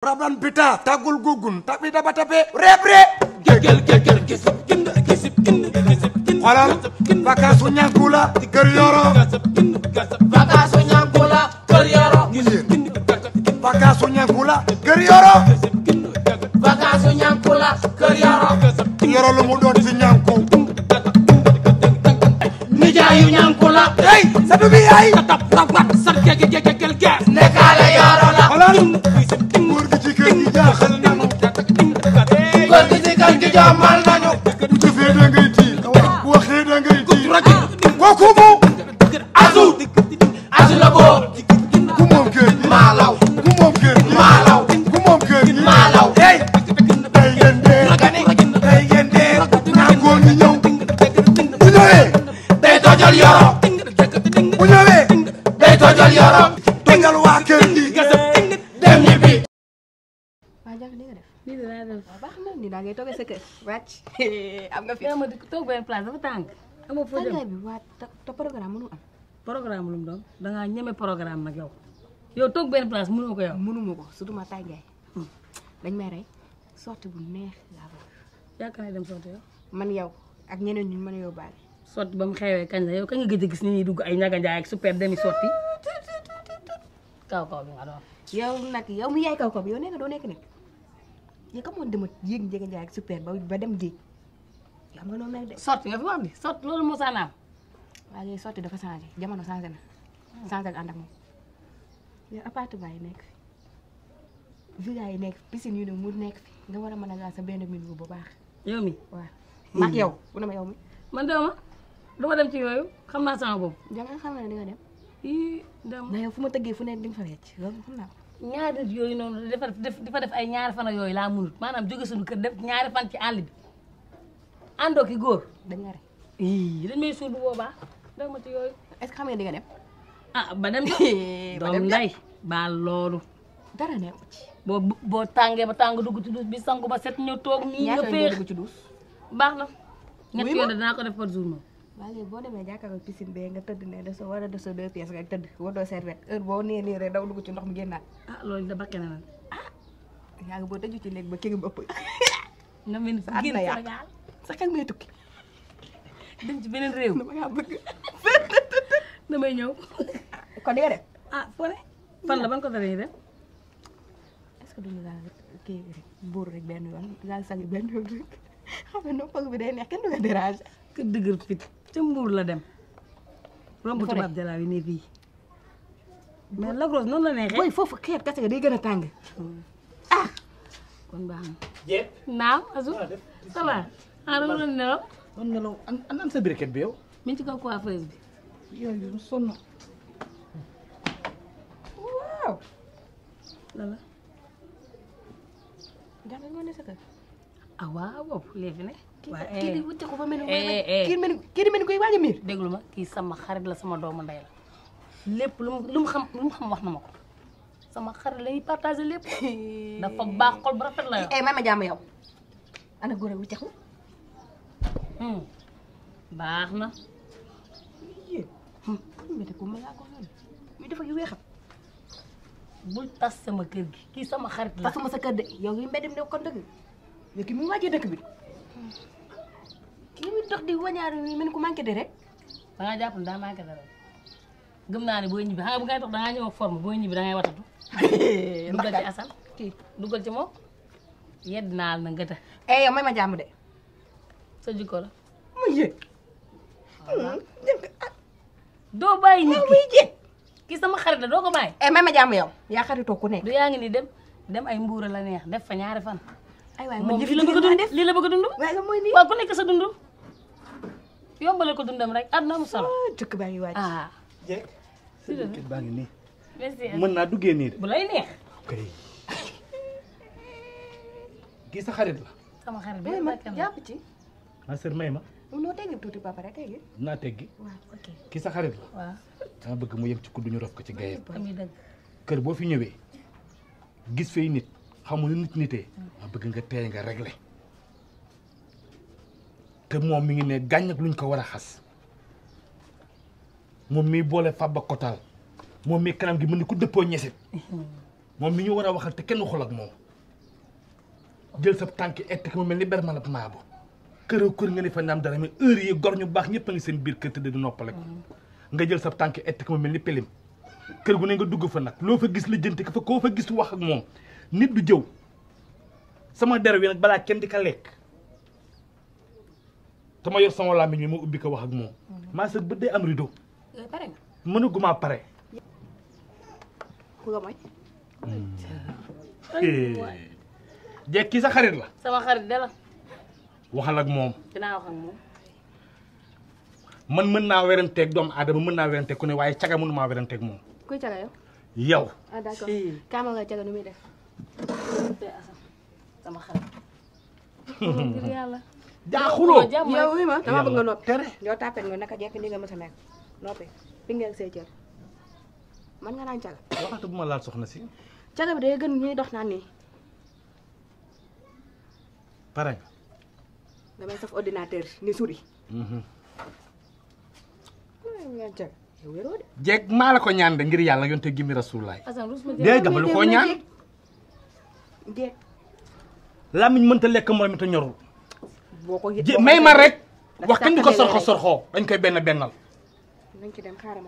raban bita tagul gugun tapi daba tape rebre gegel gegel gisip kind gisip u ñàkkula lu mu doon ci ñànku nijaayu ñànkula ey sa dubi ay tap tap gegel gegel ges nekkaale la jaaxal nañu. góor gi si kan gi jaamal na neex li nga def. nii de laa def waaw baax na nii daa ngay toogee sa kër. wàcc am nga fi. ma dëkk toog benn place dafa tàng. amoo foo dem tàngaay bi waa te programme mënu am. programme lu mu doon da ngaa ñeme programme nag yow. yow toog benn place mënoo ko yow. mënuma ko surtout ma tàngaay. dañ may rey sorti bu neex laa bëgg. yaakaar naa dem sorti yow. man yow ak ñeneen ñi mën a yóbbaale. sorti ba mu xewee kañ la yow kañ nga gëj a gis ni ñuy dugg ay ñaga njaay ak super demi sorti kaw kaw bi nga doon. yow nag yow mu yaay kaw kaw bi yow nee nga doo nekk nag. yaa ngi amoon dama yéeg njëkk njaay ak super ba dem géej xam nga noonu lay de. sotti nga loolu moo saa naam. waaye léegi sotti dafa jamono changé na. changé ak ànd yi nekk fi villa nekk piscine mu nekk nga war a mën a laal sa benn minute bu baax. yow mi yow bu ne yow mi. man de ma dem ci yooyu xam naa sama bopp. jaa nga xam ne di nga dem. ii mais yow fu ma tëggee fu ne di nga fa wecc loolu xam naa ko. ñaari yooyu noonu defar di fa def ay ñaari fan yooyu laa munut maanaam jóge suñu kër def ñaari fan ci àll bi àndoo ki góor dañ la rek dañ may suur bu boobaa daw ma ci yooyu est-ce que xam nga dem ah ba dem doom lay baal dara nekku ci boo boo tàngee ba tàng dugg ci duus bi ba set ñëw toog nii nga féex ñaata dugg ci duus baax na ñett yoon dinaa ko def par jour moom waaye léegi boo demee jàkkaarloo piscine bee nga tëdd ne de sa war a de sa deux pièces nga tëdd waroo serviette heure boo nee nii rek daw dugg ci ndox mi génnaat. ah loolu da bakke na nag. ah yaa ngi boo tëju ci néeg ba ki nga ëpp. na mel ni génn Sénégal sa xel may tukki. dem ci beneen réew. dama yaa bëgg. damay ñëw. kon di nga def. ah foo ne. fan la ban ko dañuy def. est-ce que duñu daal kii rek buur rek benn yoon daal sagi benn yoon rek xam nga noppag bi day neex kenn du nga déranger. que dëgër fit. ca mbuur la dem. romb tubaab jalaaw yi ne bii. mais Lac Rose noonu la neexee. booy foofu xeet kese day gën a tàng. Hmm. ah kon baax na. jeex naam Azou. ça va ah dama doon nelaw. doon nelaw an an sa briquet bi yow. mi ci kaw coiffeuse bi. yooyu sonn. waaw. lala. jàmm nga ne sa kër. ah waaw waaw léegi ne. waaye kii di eh. wuti ko ba eh, eh. kii mel ni kii waaj a miir. déglu ma kii sama xarit la sama doomu ndey la lépp lu mu lu xam xam wax na ma ko sama xarit lay partagé lépp dafa baax xol bu rafet la yow. eh mama jàmm yow ana góor a hmm. baax na. yéen wute muy def ak yu weexam. bul tas sama kër gi kii sama xarit la. tasuma sa kër de yow yi mbedd mi ne kon dëgg. mais kii mu ngi dëkk bi kii muy dox di wañaar yi mel ni ku manqué de rek. da ngaa jàpp ne daa manqué dara gëm naa ne booy ñibbi xam nga bu ngay dox da ngaa ñëw ak forme booy ñibbi da watatu. dugal ci asal kii dugal ci moom yedd naal na nga ta. eh yow may ma jàmm de. sa la. muy yéeg. Hmm, ah. doo bàyyi nit ki kii sama xarit la doo ko bàyyi. eh may ma jàmm yow yaa xaritoo ku ne. du yaa ngi ni dem dem ay mbuura la neex def fa ñaari fan. moom a dund lii la a dund. waaw ku nekk ko dundam rek àdduna mu solo. Ah, ngi wàcc. ah. jërëjëf sa dëkk naa duggee nii de. bu lay neex. kii sa xarit la. sama xarit bi ma jàpp may ma. tuuti ba pare teggi. bëgg mu yem ci kuddu ñu ko ci gaye. kër boo fi ñëwee gis fay nit. xamu ne nit nitee ma bëgg nga teey nga réglé te moom mu ngi ne gàññ ak luñ ko war a xas moom mi boole Faba Kotal moom mi kanam gi mën ni ku dëppoo ñesit moom mi ñu war a waxal te kenn waxul ak moom jël sa tànk ettik mu mel ni berma la maabu kër a kër nga ne fa naam dara mais gor ñu baax ñëpp a seen biir kër te di nga jël sa tànk ettik mu mel ni pelim kër gu ne nga dugg fa nag loo fa gis la jënti ko fa koo fa gis wax ak moom nit du jëw sama der wi nag balaa kenn di ka lekk te yor sama làmmiñ bi ma ubbi ko wax ak moom mm-hmm. maa euh, mm. eh. sa xarit la sama xarit moom dinaa wax ak moom man mën naa weranteeg doomu aadama mën naa weranteeg ku ne waaye caga mënu maa weranteeg moom kuy caga yow yow ah d'accord caga nu muy def sama xarit. ngir yàlla. jaaxuloo yow wi ma dama bëgg nga noppi. tere jekk ni nga mës a nekk noppi fi ngeen man nga naan caga. waxatu bu laal soxna si. caga bi day gën ñuy dox naan nii. pare nga. damay saf ordinateur ni suri. Mhm. jeeg maa ko ñaan de ngir yàlla yoon te mi rasulaay. dégg nga lu ko ñaan. déet. làmmiñ mënta lekk morom te ñorul. boo ko may ma rek. wax kañ di ko sorxo sorxoo dañ koy benn bennal. nañ ci dem xaaral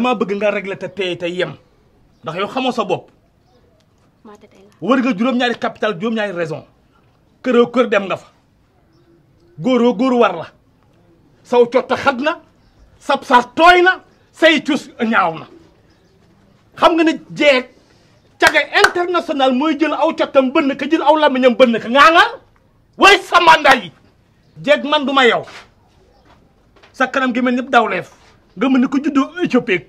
ma bëgg nga régler te tey te yem ndax yow xamoo sa bopp. maa te nga juróom-ñaari capital juróom-ñaari raison. këroo kër dem nga fa. góoroo góor war la. saw cotta xat na. sab saas tooy na. say cus ñaaw na. xam nga ne jeeg. caga international mooy jël aw cottam bënn ka jël aw lamiñam bënn ka ngaa nga way samanda yi jeeg man du ma yow sa kanam gi mel ni dawleef nga mën ni ko juddoo Éthiopie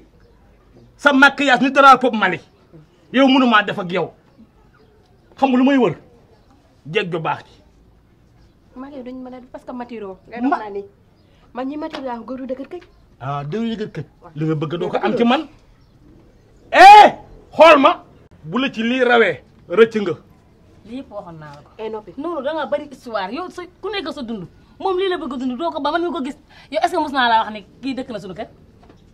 sa maquillage ni poob Mali yow mënumaa def ak yow xam lu may wër jeeg ju baax ji maa ngi parce que matiro ngay man ñi matiro yaa góor du dëgër këj ah dëgër këj li nga bëgg doo ko am ci man eh xool ma bu la ci lii rawee rëcc nga. lii yëpp naa la ko. ay eh, noppi noonu da ngaa bëri histoire yow sa ku nekk sa dund moom lii la bëgg a dund doo ko ba man mi ko gis yow est ce que naa laa wax ne kii dëkk na suñu kër.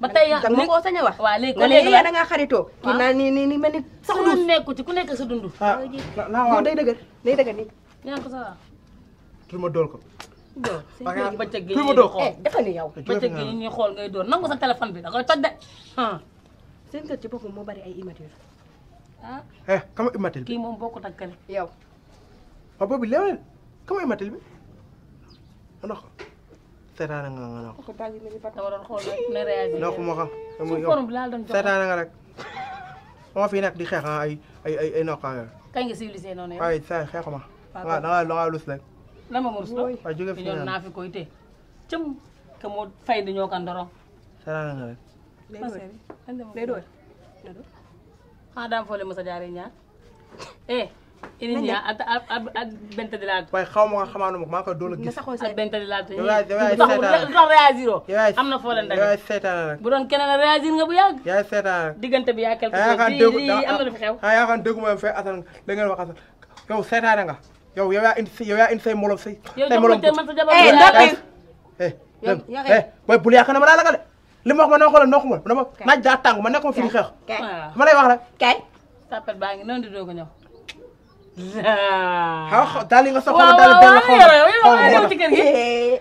ba tey yaa ma koo sañ a wax. waaw léegi léegi yaa da ngaa xaritoo. kii naa ni ni ni sax du su ci ku nekk sa dund. ah naa waaw day dëgër day dëgër nii. ñaan ko sa waaw. tur ma dool ko. door bëccëg gi ñu xool eh dafa ni yow. bëccëg gi ñuy xool ngay door nangu sa téléphone bi da koy toj de. seen kër ci moo bari ay ah eh kama immatel bi kii moom bokkut ak kenn yow. Ah, boobu léewal kama immatel bi ndox seetaan nga nga ndox. dama doon xool nga rek. moo fi nekk di xeex ay ay ay ay ndox. kañ nga civilisé noonu yow. waaye saa xeexuma. waaw da ngaa da ngaa lus rek. ma mos la. waaw jóge fi koy te cëm ka moo fay di ñoo kan doro. seetaan nga rek. madame ah, Fole Moussa Diarra ñaar eh. a allah at at at bent di laatu. waaye xaw ma xamaanuma maa ko doon gis. nga saxoo seen bent di laatu. yow yaay yow yaay seetaan la réagir a am na foo leen dagg. yow yaay seetaan la. bu doon keneen réagir nga bu yàgg. yaay seetaan la. diggante bi yaa quelque chose lii lii am na lu fi xew. ah da ngeen wax Assane yow seetaan nga yow yow yaa indi si yow yaa indi say molo say. say molo yow jokkoo tey man sa jabar. eh ndox mi eh. yow yow eh bul yaakaar ne ma laa lagal de. li ma wax ma ne ma xoolal noo xumul ma naaj daa tàng ma nekkuma fi di xeex. ma lay wax rek. kay. sapet baa ngi noonu di doog a ñëw. xaw daal li nga soxla ma daal dell xaw ma xaw ma ci kër gi.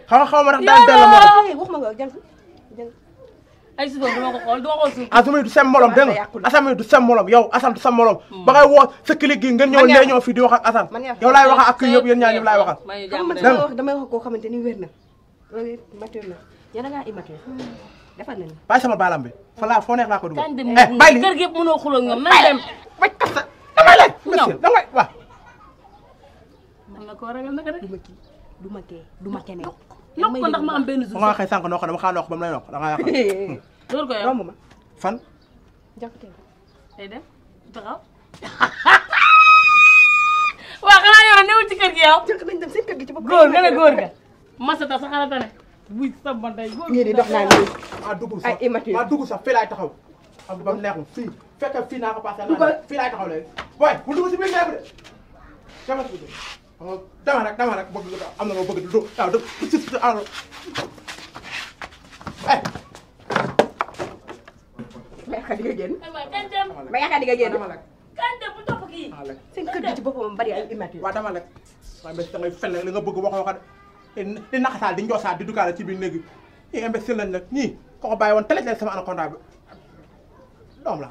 xaw ma xaw ma ndax daal dell ma wax ma nga jël ay suba du ma ko xool du ma xool suuf. asama du sem molom dégg nga asama du sem molom yow asam du sem molom. ba ngay woo sa clique gi ngeen ñëw lee ñëw fii di wax ak asam. yow laay wax ak kii yëpp yéen ñaar ñëpp laay waxal. dégg nga damay wax koo xamante ni wér na. loolu mature na yow da ngaa immature defal nañu bàyyi sama baalam bi mm. fa laa foo neex laa ko dugal. kan dem eh, nañu kër gi mënoo xuloo ñoom nan dem. bàyyi ko sa damay leen. ñëw damay waaw. man nga koo ragal naka de. du ma kii du ma kee du ma keneen. nokk ko ndax ma am benn jour. bu ma waxee sànq nokk dama xaa nokk ba mu lay nokk da ngaa yàqal. loolu ko yow romb ma fan. jokkoo day dem taxaw. waaw xanaa yoroon newul ci kër gi yow. jël nañ dem seen kër gi ci boppam. góor nga ne góor nga. Masata sa xalaatane. wuy sama ndey. ñii di dox naa nii. dugg sax ay immature ah taxaw. ak ba mu neexul fii fekk fii naa ko passé. dugg fii laay taxaw léegi. waaye bu dugg si biir neexul de. dama si dugg dama am na loo si si alors. ma yaakaar di nga génn. ma yaakaar di nga génn. kante bu topp kii. seen kër gi ci boppam bari ay immature. waaw dama bëgg de. di naxasaal di njoosaal di dugaale ci biir néeg yi ñii imbécile lañ nag ñii ko ko bàyyi woon tële sama anaconda bi doom la.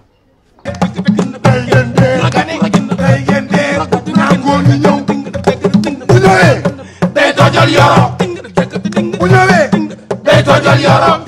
tey ngeen dee tey ngeen dee naa góor ñu ñëw bu ñëwee day tojol yoro bu ñëwee day tojol yoro